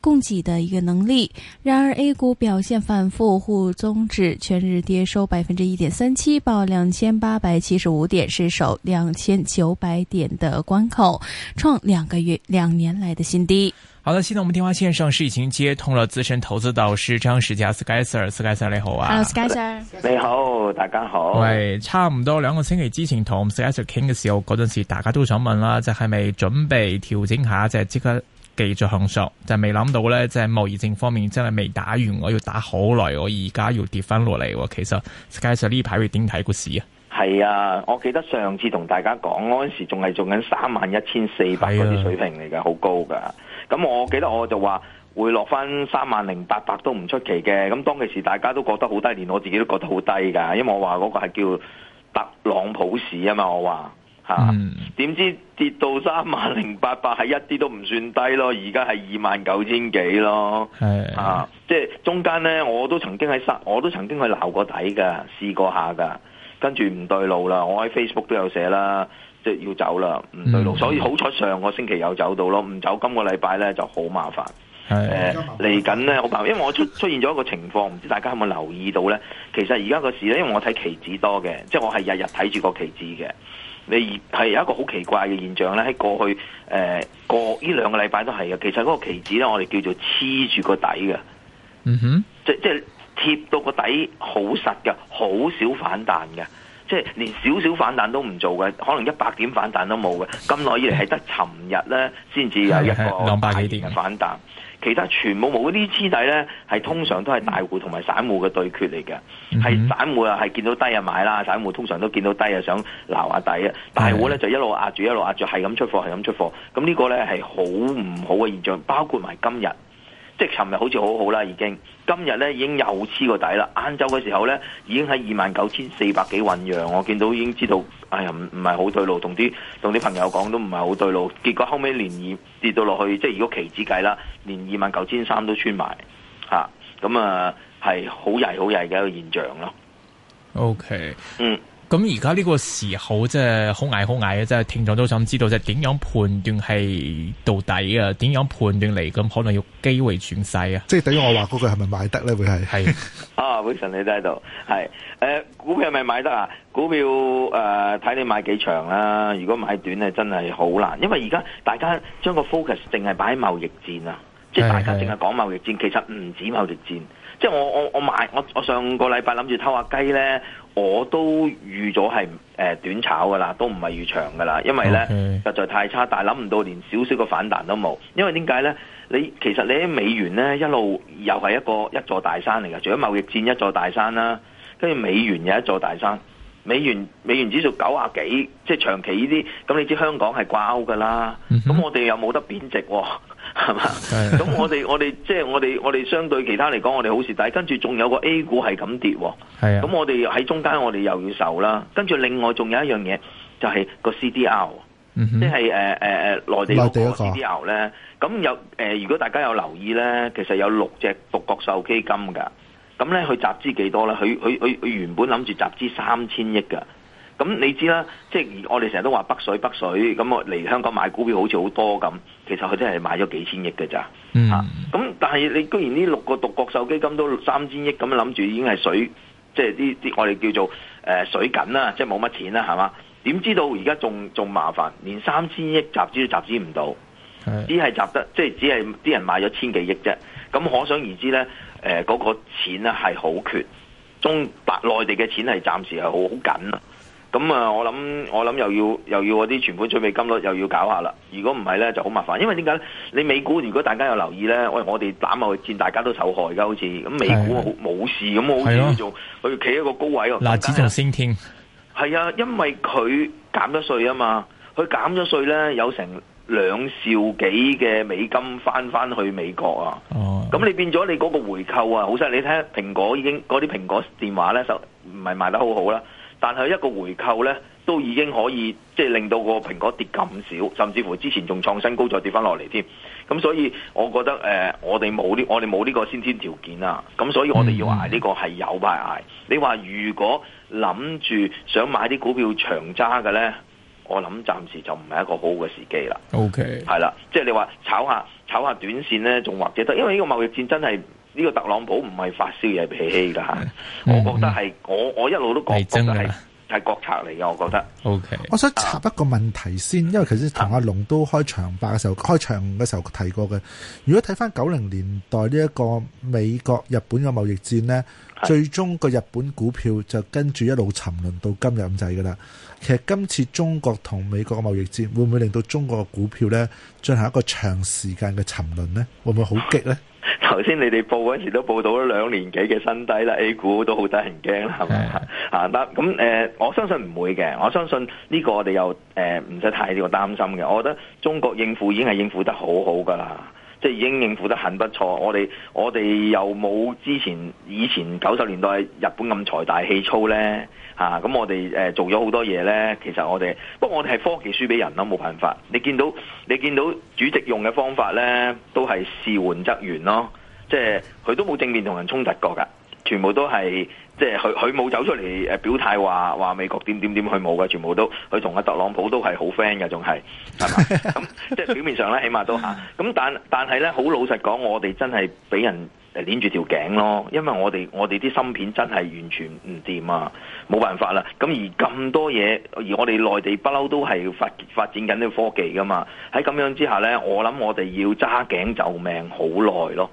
供給的一個能力，然而 A 股表現反覆，滬綜指全日跌收百分之一點三七，報兩千八百七十五點，失守兩千九百點的關口，創兩個月、兩年來的新低。好的，現在我們電話線上是已經接通了資深投資導師張士佳 Sky Sir，Sky Sir 你好啊，Hello Sky Sir 你好，大家好。喂，差唔多兩個星期之前同 Sky Sir 傾嘅時候，嗰陣時大家都想問啦，就係咪準備調整下，就係即刻。繼續向上，就係未諗到呢，即係貿易戰方面真係未打完，我要打好耐，我而家要跌翻落嚟。其實 Sky Sir 呢排會點睇股市啊？係啊，我記得上次同大家講嗰陣時，仲係做緊三萬一千四百嗰啲水平嚟嘅，好、啊、高噶，咁我記得我就話會落翻三萬零八百都唔出奇嘅。咁當其時大家都覺得好低，連我自己都覺得好低噶，因為我話嗰個係叫特朗普市啊嘛，我話。吓、啊，點知跌到三萬零八百係一啲都唔算低咯，而家係二萬九千幾咯，係啊，即係中間呢，我都曾經喺三，我都曾經去撈過底噶，試過下噶，跟住唔對路啦，我喺 Facebook 都有寫啦，即係要走啦，唔對路，所以好彩上個星期有走到咯，唔走今個禮拜呢就好麻煩，嚟緊呢，好、啊、因為我出出現咗一個情況，唔知大家有冇留意到呢？其實而家個市呢，因為我睇期指多嘅，即係我係日日睇住個期指嘅。你係有一個好奇怪嘅現象咧，喺過去誒、呃、過呢兩個禮拜都係嘅。其實嗰個期指咧，我哋叫做黐住個底嘅。嗯哼，即即係貼到個底好實嘅，好少反彈嘅，即係連少少反彈都唔做嘅，可能一百點反彈都冇嘅。咁耐以嚟係得尋日咧先至有一個兩百幾點嘅反彈。其他全冇冇嗰啲黐底呢，係通常都係大戶同埋散戶嘅對決嚟嘅，係、mm-hmm. 散戶啊，係見到低啊買啦，散戶通常都見到低啊想撈下底啊，大戶呢，就一路壓住一路壓住，係咁出貨係咁出貨，咁呢個呢，係好唔好嘅現象，包括埋今日。即係尋日好似好好啦，已經今日咧已經又黐個底啦。晏晝嘅時候咧已經喺二萬九千四百幾醞釀，我見到已經知道，哎呀唔唔係好對路，同啲同啲朋友講都唔係好對路。結果後尾連二跌到落去，即係如果期指計啦，連二萬九千三都穿埋吓，咁啊係好曳好曳嘅一個現象咯。OK，嗯。咁而家呢個時候真係好捱好捱嘅，真係聽眾都想知道到底，即係點樣判斷係到底啊？點樣判斷嚟咁可能要機會轉勢啊？即係等於我話嗰句係咪買得咧？會係係啊？Wilson 你喺度係誒，股票係咪買得啊？股票誒、睇、呃、你買幾長啦、啊。如果買短咧，真係好難，因為而家大家將個 focus 淨係擺喺貿易戰啊，是是即係大家淨係講貿易戰，其實唔止貿易戰。即係我我我買我我上個禮拜諗住偷下雞咧。我都預咗係短炒噶啦，都唔係預長噶啦，因為咧、Okay. 實在太差。但係諗唔到連少少個反彈都冇，因為點解咧？你其實你喺美元咧一路又係一個一座大山嚟嘅，除咗貿易戰一座大山啦，跟住美元又一座大山。美元美元指數九啊幾，即係長期呢啲，咁你知香港係掛鈎噶啦，咁、mm-hmm. 我哋又冇得貶值、哦，係 嘛？咁我哋 我哋即係我哋我哋相對其他嚟講，我哋好蝕。但係跟住仲有個 A 股係咁跌、哦，喎，啊，咁我哋喺中間我哋又要受啦，跟住另外仲有一樣嘢就係、是、個 C D R，即係誒誒誒內地嘅 C D R 咧，咁 有誒、呃、如果大家有留意咧，其實有六隻獨角獸基金㗎。咁咧，佢集資幾多咧？佢佢佢佢原本諗住集資三千億㗎。咁你知啦，即係我哋成日都話北水北水，咁我嚟香港買股票好似好多咁，其實佢都係買咗幾千億㗎咋嚇。咁但係你居然呢六個獨角獸基金都三千億咁諗住，已經係水，即係啲啲我哋叫做誒水緊啦，即係冇乜錢啦，係嘛？點知道而家仲仲麻煩，連三千億集資都集資唔到，只係集得，即係只係啲人買咗千幾億啫。咁可想而知咧，誒、那、嗰個錢咧係好缺，中國內地嘅錢係暫時係好緊啊！咁啊，我諗我諗又要又要啲存款準備金率，又要，又要搞下啦。如果唔係咧就好麻煩，因為點解？你美股如果大家有留意咧，喂、哎，我哋攬落去見大家都受害噶，好似咁美股冇事咁，好似做去企一個高位嗱，指就升天，係啊，因為佢減咗稅啊嘛，佢減咗稅咧有成。兩兆幾嘅美金翻翻去美國啊！咁、哦、你變咗你嗰個回購啊，好犀利！你睇下蘋果已經嗰啲蘋果電話咧，就唔係賣得好好啦。但係一個回購咧，都已經可以即係令到個蘋果跌咁少，甚至乎之前仲創新高再跌翻落嚟添。咁所以我覺得誒、呃，我哋冇呢我哋冇呢個先天條件啊。咁所以我哋要捱呢個係有排捱。嗯嗯你話如果諗住想買啲股票長揸嘅咧？我諗暫時就唔係一個好嘅時機啦。O K. 係啦，即係你話炒下炒下短線咧，仲或者得，因為呢個貿易戰真係呢、呢個特朗普唔係發燒嘢脾氣㗎嚇。我覺得係、嗯、我我一路都講覺得係係真係係國策嚟嘅。我覺得。O、okay. K. 我想插一個問題先，因為其實同阿龍都開場白嘅時候，開場嘅時候提過嘅。如果睇翻九零年代呢一個美國日本嘅貿易戰咧？最終個日本股票就跟住一路沉淪到今日咁滯噶啦。其實今次中國同美國嘅貿易戰會唔會令到中國嘅股票呢，進行一個長時間嘅沉淪呢？會唔會好激呢？頭 先你哋報嗰陣時都報道咗兩年幾嘅新低啦，A 股都好得人驚啦，係咪？啊、 嗯，咁誒、呃，我相信唔會嘅。我相信呢個我哋又誒唔使太呢個擔心嘅。我覺得中國應付已經係應付得好好噶啦。即係已經應付得很不錯，我哋我哋又冇之前以前九十年代日本咁財大氣粗呢？嚇、啊，咁我哋誒、呃、做咗好多嘢呢。其實我哋不過我哋係科技輸畀人咯，冇辦法。你見到你見到主席用嘅方法呢，都係事緩則圓咯，即係佢都冇正面同人衝突過㗎，全部都係。即係佢佢冇走出嚟表態話話美國點點點佢冇嘅，全部都佢同阿特朗普都係好 friend 嘅，仲係係嘛？咁、 嗯、即係表面上咧，起碼都吓。咁但但係咧，好老實講，我哋真係俾人捏住條頸咯，因為我哋我哋啲芯片真係完全唔掂啊，冇辦法啦。咁而咁多嘢，而我哋內地不嬲都係發，發展緊呢個科技㗎嘛。喺咁樣之下咧，我諗我哋要揸頸救命好耐咯。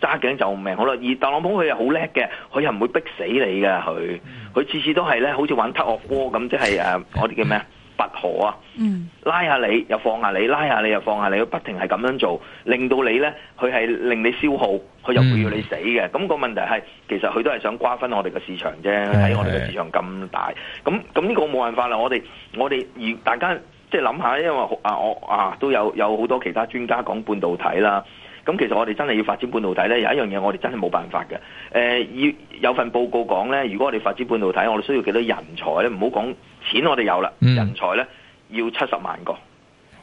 揸頸就命，好啦，而特朗普佢又好叻嘅，佢又唔會逼死你嘅。佢佢次次都係咧，好似玩黑惡窩咁，即係誒，我哋叫咩拔河啊，嗯！拉下你又放下你，拉下你又放下你，佢不停係咁樣做，令到你咧，佢係令你消耗，佢又唔要你死嘅。咁、嗯那個問題係，其實佢都係想瓜分我哋嘅市場啫。喺、嗯、我哋嘅市場咁大，咁咁呢個冇辦法啦。我哋我哋而大家即係諗下，因為啊我啊都有有好多其他專家講半導體啦。咁其實我哋真係要發展半導體呢，有一樣嘢我哋真係冇辦法嘅。呃、要有份報告講呢，如果我哋發展半導體，我哋需要幾多人才呢？唔好講錢我，我哋有啦，人才呢，要七十萬個，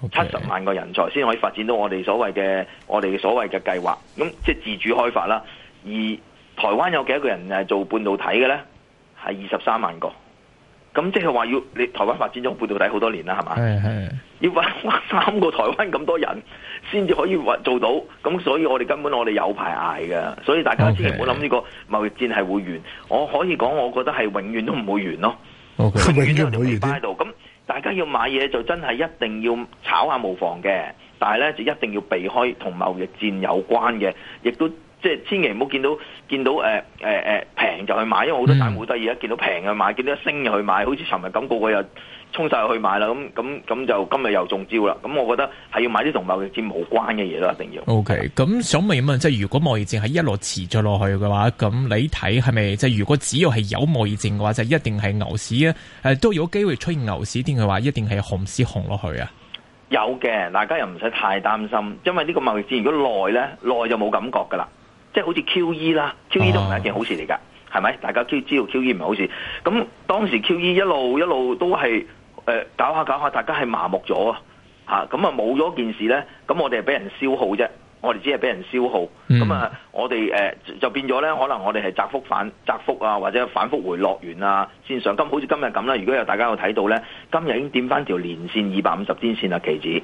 七、okay. 七十萬個人才先可以發展到我哋所謂嘅我哋嘅所謂嘅計劃，咁即係自主開發啦。而台灣有幾多個人係做半導體嘅呢？係二十三萬個。咁即係話要你台灣發展咗半導體好多年啦，係嘛？要揾返三個台灣咁多人先至可以做到，咁所以我哋根本我哋有排捱㗎。所以大家千祈唔好諗呢個貿易戰係會完，我可以講，我覺得係永遠都唔會完咯。永遠都唔會完，咁大家要買嘢就真係一定要炒下無妨嘅，但係呢就一定要避開同貿易戰有關嘅，亦都。即係千祈唔好見到見到誒誒誒平就去買，因為好多大好得意，一見到平嘅買，見到一升就去買，好似尋日咁個個又衝晒去買啦。咁咁咁就今日又中招啦。咁我覺得係要買啲同貿易戰冇關嘅嘢啦，一定要。O K，咁想問問，即係如果貿易戰係一路持續落去嘅話，咁你睇係咪即係如果只要係有貿易戰嘅話，就一定係牛市啊？誒、呃，都有機會出現牛市，定係話一定係熊市紅落去啊？有嘅，大家又唔使太擔心，因為呢個貿易戰如果耐咧，耐就冇感覺噶啦。即係好似 QE 啦、oh.，QE 都唔係一件好事嚟㗎，係咪？大家知道 QE 唔係好事。咁當時 QE 一路一路都係、呃、搞下搞下，大家係麻木咗啊！咁啊冇咗件事咧，咁我哋係俾人消耗啫，我哋只係俾人消耗。咁、mm. 啊，我哋誒、呃、就變咗咧，可能我哋係窄幅反窄幅啊，或者反覆回落完啊，線上好今好似今日咁啦。如果有大家有睇到咧，今日已經掂翻條年線二百五十天線啦，期指。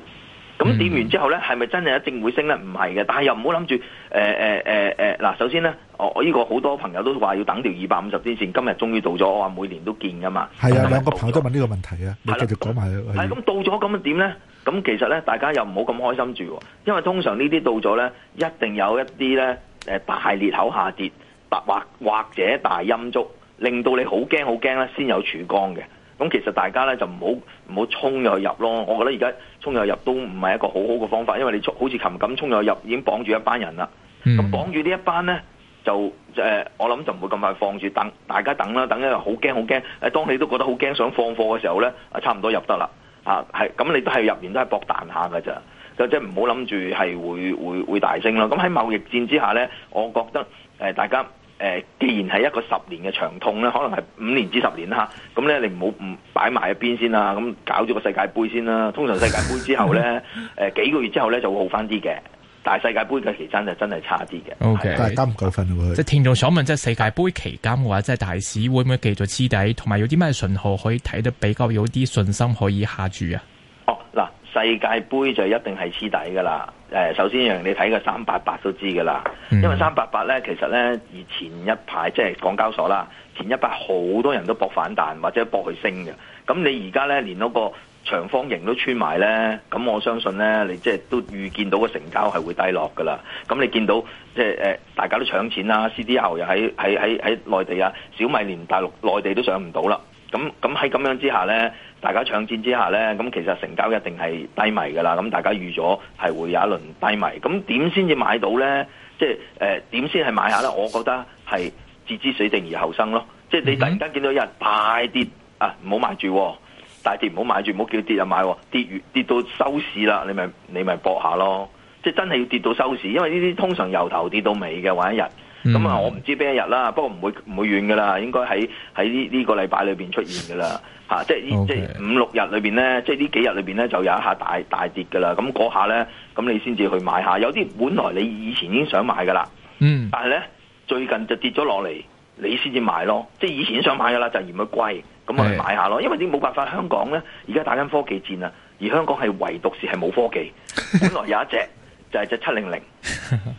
咁、嗯、跌完之後咧，係咪真係一定會升咧？唔係嘅，但係又唔好諗住誒誒誒嗱。首先咧，我我呢個好多朋友都話要等條二百五十天線，今日終於到咗。我話每年都見噶嘛。係啊，兩個朋友都問呢個問題啊，咪、嗯、繼續講埋。係咁到咗咁點咧？咁、嗯嗯嗯嗯嗯嗯、其實咧，大家又唔好咁開心住，因為通常呢啲到咗咧，一定有一啲咧大裂口下跌，或或者大陰燭，令到你好驚好驚咧，先有曙光嘅。咁其實大家咧就唔好唔好衝又入咯，我覺得而家衝又入都唔係一個好好嘅方法，因為你好似琴日咁衝又入已經綁住一班人啦。咁、嗯、綁住呢一班呢，就，就我諗就唔會咁快放住等大家等啦，等一又好驚好驚。當你都覺得好驚想放貨嘅時候呢，差唔多入得啦。啊，咁你都係入面都係搏彈下㗎啫，就即係唔好諗住係會會會大升啦。咁喺貿易戰之下呢，我覺得、呃、大家。誒、呃，既然係一個十年嘅長痛咧，可能係五年至十年啦，吓，咁咧你唔好唔擺埋一邊先啦，咁搞咗個世界杯先啦。通常世界杯之後咧，誒 幾個月之後咧就會好翻啲嘅，但係世界杯嘅期間就真係差啲嘅。O K，但係擔唔過分喎。即、啊、係聽眾所問，即係世界杯期間嘅話，即係大市會唔會繼續黐底，同埋有啲咩信號可以睇得比較有啲信心可以下注啊？哦，嗱，世界杯就一定係黐底噶啦。誒，首先讓你睇個三八八都知㗎啦，因為三八八咧，其實咧，以前一排即係港交所啦，前一排好多人都搏反彈或者搏佢升嘅。咁你而家咧，連嗰個長方形都穿埋咧，咁我相信咧，你即係都預見到個成交係會低落㗎啦。咁你見到即係誒，大家都搶錢啦，CDR 又喺喺喺喺內地啊，小米連大陸內地都上唔到啦。咁咁喺咁樣之下咧。大家搶戰之下呢，咁其實成交一定係低迷㗎啦。咁大家預咗係會有一輪低迷，咁點先至買到呢？即係點先係買下呢？我覺得係置之死地而後生咯。即係你突然間見到一日大跌啊，唔好買住，大跌唔好買住，唔好叫跌就買，跌跌到收市啦，你咪你咪搏下咯。即係真係要跌到收市，因為呢啲通常由頭跌到尾嘅，話，一日。咁、嗯、啊、嗯，我唔知邊一日啦，不過唔會唔會遠噶啦，應該喺喺呢呢個禮拜裏面出現噶啦、啊，即係呢、okay，即係五六日裏面咧，即係呢幾日裏面咧就有一下大大跌噶啦，咁嗰下咧，咁你先至去買下，有啲本來你以前已經想買噶啦，嗯，但係咧最近就跌咗落嚟，你先至買咯，即係以前想買噶啦就嫌佢貴，咁啊去買下咯，因為啲冇辦法，香港咧而家打緊科技戰啊，而香港係唯獨是係冇科技，本來有一隻。 就係只七零零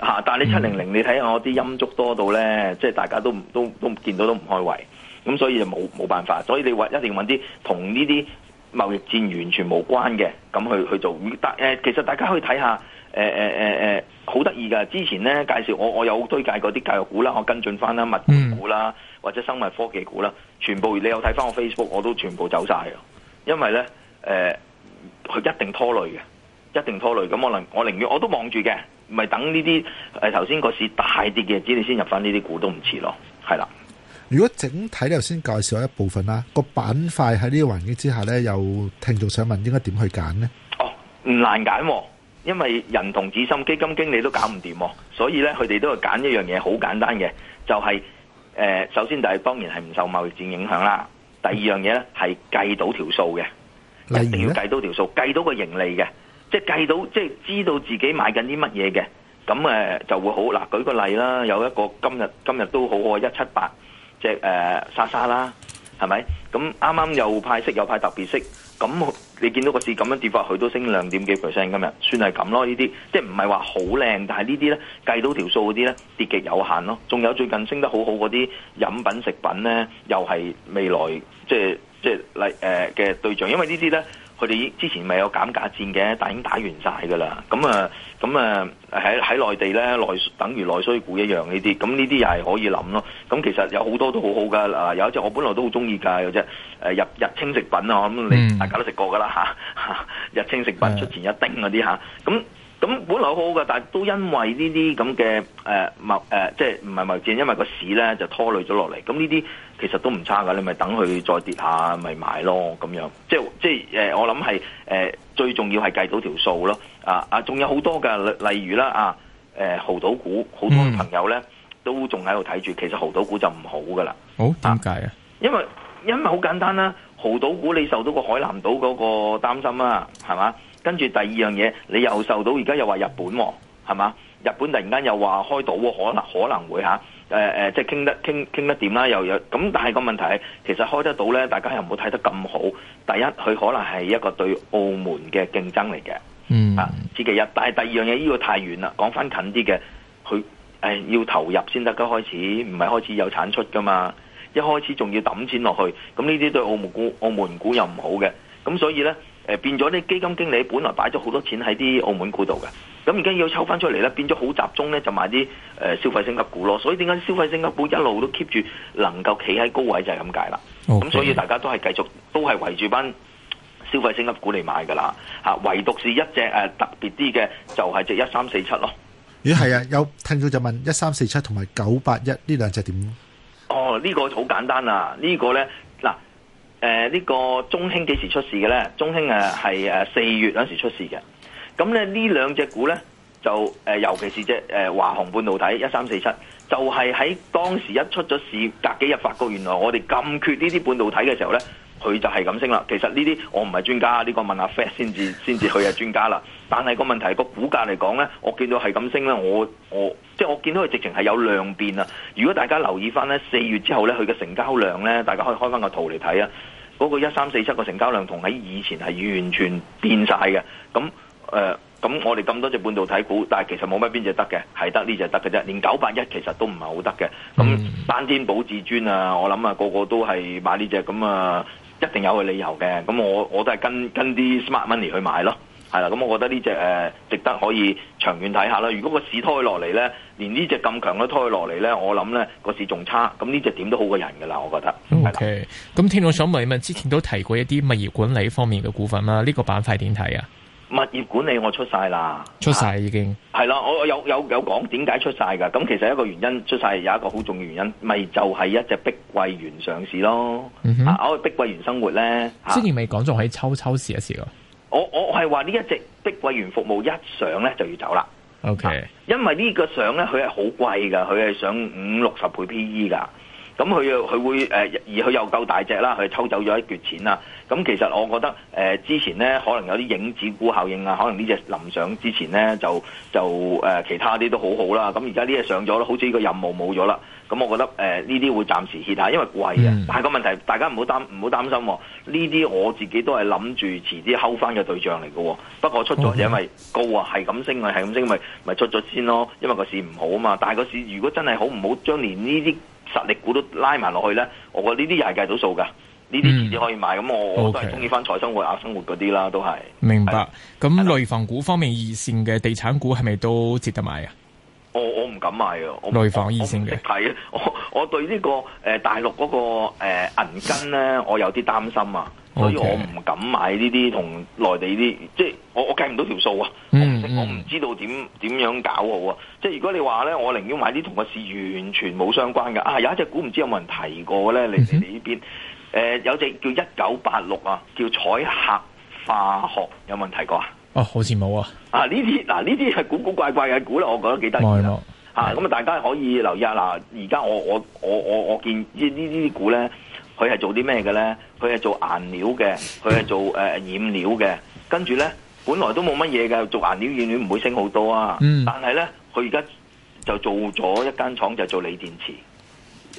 吓，但係 你七零零，你睇下我啲陰燭多到咧，即係大家都都都見到都唔開胃，咁所以就冇冇辦法。所以你話一定搵啲同呢啲貿易戰完全無關嘅咁去去做。但誒，其實大家可以睇下，誒誒誒誒，好得意噶。之前咧介紹我我有推介嗰啲教育股啦，我跟進翻啦，物管股啦，或者生物科技股啦，全部你有睇翻我 Facebook，我都全部走晒，因為咧誒，佢、呃、一定拖累嘅。一定拖累，咁我能我寧願我都望住嘅，咪等呢啲誒頭先個市大跌嘅日子，你先入翻呢啲股都唔遲咯，係啦。如果整體頭先介紹一部分啦，個板塊喺呢個環境之下咧，有聽眾想問，應該點去揀咧？哦，唔難揀，因為人同資深基金經理都搞唔掂，所以咧佢哋都係揀一樣嘢，好簡單嘅，就係誒，首先就係當然係唔受貿易戰影響啦。第二樣嘢咧係計到條數嘅，例如呢？一定要計到條數，計到個盈利嘅。即係計到，即係知道自己買緊啲乜嘢嘅，咁誒就會好。嗱，舉個例啦，有一個今日今日都好好嘅，一七八即誒莎莎啦，係咪？咁啱啱又派息，又派特別息，咁你見到個市咁樣跌法，佢都升兩點幾 percent。今日算係咁咯，呢啲即係唔係話好靚，但係呢啲咧計到條數嗰啲咧跌極有限咯。仲有最近升得好好嗰啲飲品食品咧，又係未來即係即係嚟嘅、呃、對象，因為呢啲咧。佢哋之前咪有減價戰嘅，但已經打完晒噶啦。咁啊，咁啊喺喺內地咧，內等於內需股一樣呢啲。咁呢啲又係可以諗咯。咁其實有好多都好好噶。啊，有一隻我本來都好中意噶，有隻誒、啊、日日清食品啊。咁你、嗯、大家都食過噶啦嚇，日清食品出前一丁嗰啲嚇咁。咁本嚟好好嘅，但係都因為呢啲咁嘅誒即係唔係咪，質，因為個市咧就拖累咗落嚟。咁呢啲其實都唔差噶，你咪等佢再跌下，咪買咯咁樣。即係即係、呃、我諗係、呃、最重要係計到條數咯。啊、呃、啊，仲有好多嘅例如啦啊誒，豪賭股好多朋友咧、嗯、都仲喺度睇住，其實豪賭股就唔好噶啦。好，點解啊？因為因為好簡單啦、啊，豪賭股你受到個海南島嗰個擔心啦，係嘛？跟住第二樣嘢，你又受到而家又話日本、哦，係嘛？日本突然間又話開島喎、哦，可能可能會嚇、呃，即係傾得傾傾得掂啦，又有咁。但係個問題係其實開得到呢，大家又唔好睇得咁好。第一，佢可能係一個對澳門嘅競爭嚟嘅、嗯，啊，只其一。但係第二樣嘢，呢、這個太遠啦。講翻近啲嘅，佢、呃、要投入先得，開始唔係開始有產出噶嘛。一開始仲要揼錢落去，咁呢啲對澳門股澳門股又唔好嘅，咁、嗯、所以呢。誒，變咗啲基金經理本來擺咗好多錢喺啲澳門股度嘅，咁而家要抽翻出嚟咧，變咗好集中咧，就買啲誒消費升級股咯。所以點解消費升級股一路都 keep 住能夠企喺高位就係咁解啦。咁、okay. 所以大家都係繼續都係圍住班消費升級股嚟買噶啦。吓，唯獨是一隻誒特別啲嘅就係隻一三四七咯。咦、嗯，係啊，有聽眾就問一三四七同埋九八一呢兩隻點？哦、呢、呢個好簡單啦，呢個、呢個咧。誒，呢個中興幾時出事嘅呢？中興誒係誒四月嗰時出事嘅，咁咧呢兩隻股呢，就誒，尤其是隻誒華虹半導體一三四七，1347, 就係喺當時一出咗事，隔幾日發覺原來我哋咁缺呢啲半導體嘅時候呢。佢就係咁升啦。其實呢啲我唔係專家，呢、這個問阿 Fat 先至先至佢係專家啦。但係個問題、那個股價嚟講呢，我見到係咁升呢。我我即係我見到佢直情係有量變啊。如果大家留意翻呢，四月之後呢，佢嘅成交量呢，大家可以開翻個圖嚟睇啊。嗰、那個一三四七個成交量同喺以前係完全變晒嘅。咁咁，呃、我哋咁多隻半導體股，但係其實冇乜邊隻得嘅，係得呢隻得嘅啫。連九八一其實都唔係好得嘅。咁單天保至尊啊，我諗啊，個個都係買呢隻咁啊。一定有個理由嘅，咁我我都係跟跟啲 smart money 去買咯，係啦，咁我覺得呢隻誒值得可以長遠睇下啦。如果個市拖落嚟咧，連呢隻咁強都拖落嚟咧，我諗咧個市仲差，咁呢隻點都好過人㗎啦，我覺得。OK，咁聽我想問，咁之前都提過一啲物業管理方面嘅股份啦，呢、這個板塊點睇啊？物業管理我出晒啦，出晒已經。係啦，我有有有講點解出晒㗎？咁其實一個原因出晒，有一個好重要原因，咪就係、是、一隻碧桂園上市咯。嗯、啊，我碧桂園生活咧，之前咪講仲喺抽抽市一市咯。我我係話呢一隻碧桂園服務一上咧就要走啦。OK，因為個呢個上咧佢係好貴㗎，佢係上五六十倍 PE 㗎。咁佢又佢會誒而佢又夠大隻啦，佢抽走咗一橛錢啦咁、嗯、其實我覺得誒、呃、之前呢，可能有啲影子股效應啊，可能呢隻臨上之前呢，就就誒、呃、其他啲都好好啦。咁而家呢隻上咗啦，好似呢個任務冇咗啦。咁、嗯、我覺得誒呢啲會暫時歇下，因為貴啊、嗯。但係個問題，大家唔好擔唔好擔心喎、哦。呢啲我自己都係諗住遲啲睺翻嘅對象嚟嘅。不過出咗就因為高啊，係咁升啊，係咁升咪咪出咗先咯。因為個市唔好啊嘛。但係個市如果真係好唔好，將連呢啲實力股都拉埋落去呢，我覺得呢啲又係計到數㗎。呢啲嘢你可以買，咁、嗯、我、okay. 我都係中意翻彩生活、雅生活嗰啲啦，都係。明白。咁內房股方面二線嘅地產股係咪都值得買啊？我我唔敢買呀。內房二線嘅。睇，我我，我，我對、這個呃那個呃、呢個誒大陸嗰個誒銀根咧，我有啲擔心啊，okay. 所以我唔敢買呢啲同內地啲，即係我我計唔到條數啊，嗯、我唔、嗯、知道點點樣，樣搞好啊。即係如果你話咧，我寧願買啲同個市完全冇相關嘅啊，有一隻股唔知有冇人提過咧，你你哋呢邊。嗯誒、呃，有隻叫一九八六啊，叫彩客化學有問題個啊？哦，好似冇啊！啊呢啲，嗱呢啲係古古怪怪嘅股啦，我覺得幾得意啦。吓咁啊，啊大家可以留意下嗱。而家我我我我我見呢呢啲股咧，佢係做啲咩嘅咧？佢係做顏料嘅，佢係做誒染料嘅。跟住咧，本來都冇乜嘢嘅，做顏料染料唔會升好多啊。嗯、但係咧，佢而家就做咗一間廠，就做鋰電池。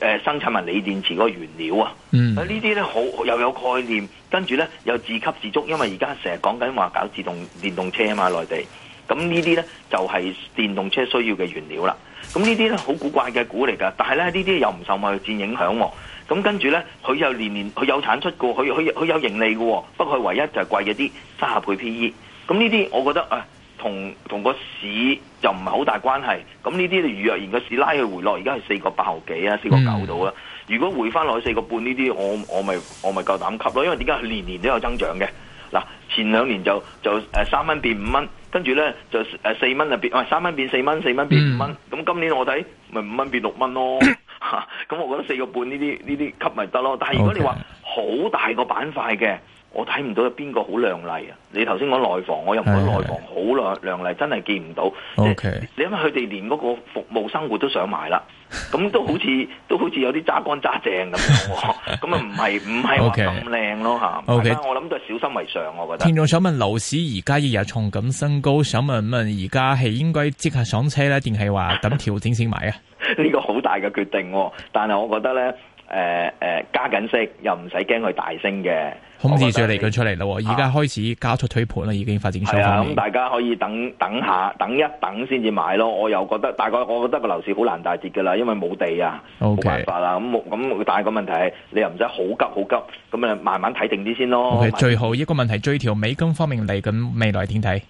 誒生產物、鋰電池嗰個原料、嗯、啊，啊呢啲咧好又有概念，跟住咧又自給自足，因為而家成日講緊話搞自動電動車嘛，內地，咁呢啲咧就係、是、電動車需要嘅原料啦。咁呢啲咧好古怪嘅股嚟噶，但係咧呢啲又唔受貿易戰影響喎。咁跟住咧，佢又年年佢有產出過，佢佢佢有盈利個，不過佢唯一就係貴咗啲，三十倍 P E。咁呢啲我覺得啊。同同個市就唔係好大關係，咁呢啲預約而個市拉佢回落，而家係四個八毫幾啊，四個九度呀？如果回翻落去四個半呢啲，我我咪我咪夠膽吸咯，因為點解年年都有增長嘅？嗱，前兩年就就三蚊變五蚊，跟住咧就四蚊入變，哎、三蚊變四蚊，四蚊變五蚊。咁、嗯、今年我睇咪五蚊變六蚊咯，咁、 啊、我覺得四個半呢啲呢啲吸咪得咯。但係如果你話好大個板塊嘅。我睇唔到有邊個好亮麗啊。你頭先講內房，我又唔覺得內房好亮亮麗，真係見唔到。OK，你諗下佢哋連嗰個服務生活都想買啦，咁都好似 都好似有啲揸乾揸淨咁樣，咁啊唔係唔係 ok 咁靚咯吓。我諗都係小心為上，okay. 我覺得。聽眾想問樓市而家亦日重咁新高，想問問而家係應該即刻上車咧，定係話等調整先買啊？呢 個好大嘅決定，但係我覺得咧。誒、呃、誒、呃，加緊息又唔使驚佢大升嘅，空置稅嚟佢出嚟咯。而、啊、家開始加速推盤啦，已經發展商咁大家可以等等下，等一等先至買咯。我又覺得大概，我覺得個樓市好難大跌噶啦，因為冇地啊，冇、okay. 辦法啦、啊。咁咁大係個問題你又唔使好急好急，咁啊慢慢睇定啲先咯。Okay, 最後一個問題，追調美金方面嚟緊未來點睇？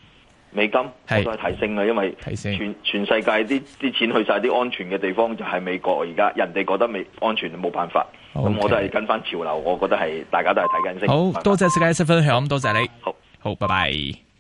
美金我都係提升啊，因為全提升全世界啲啲錢去晒啲安全嘅地方，就係美國而家，人哋覺得美安全，冇辦法，咁、okay、我都係跟翻潮流，我覺得係大家都係睇緊升。好多謝 Sky Sir 分享，多謝你，好，好，拜拜。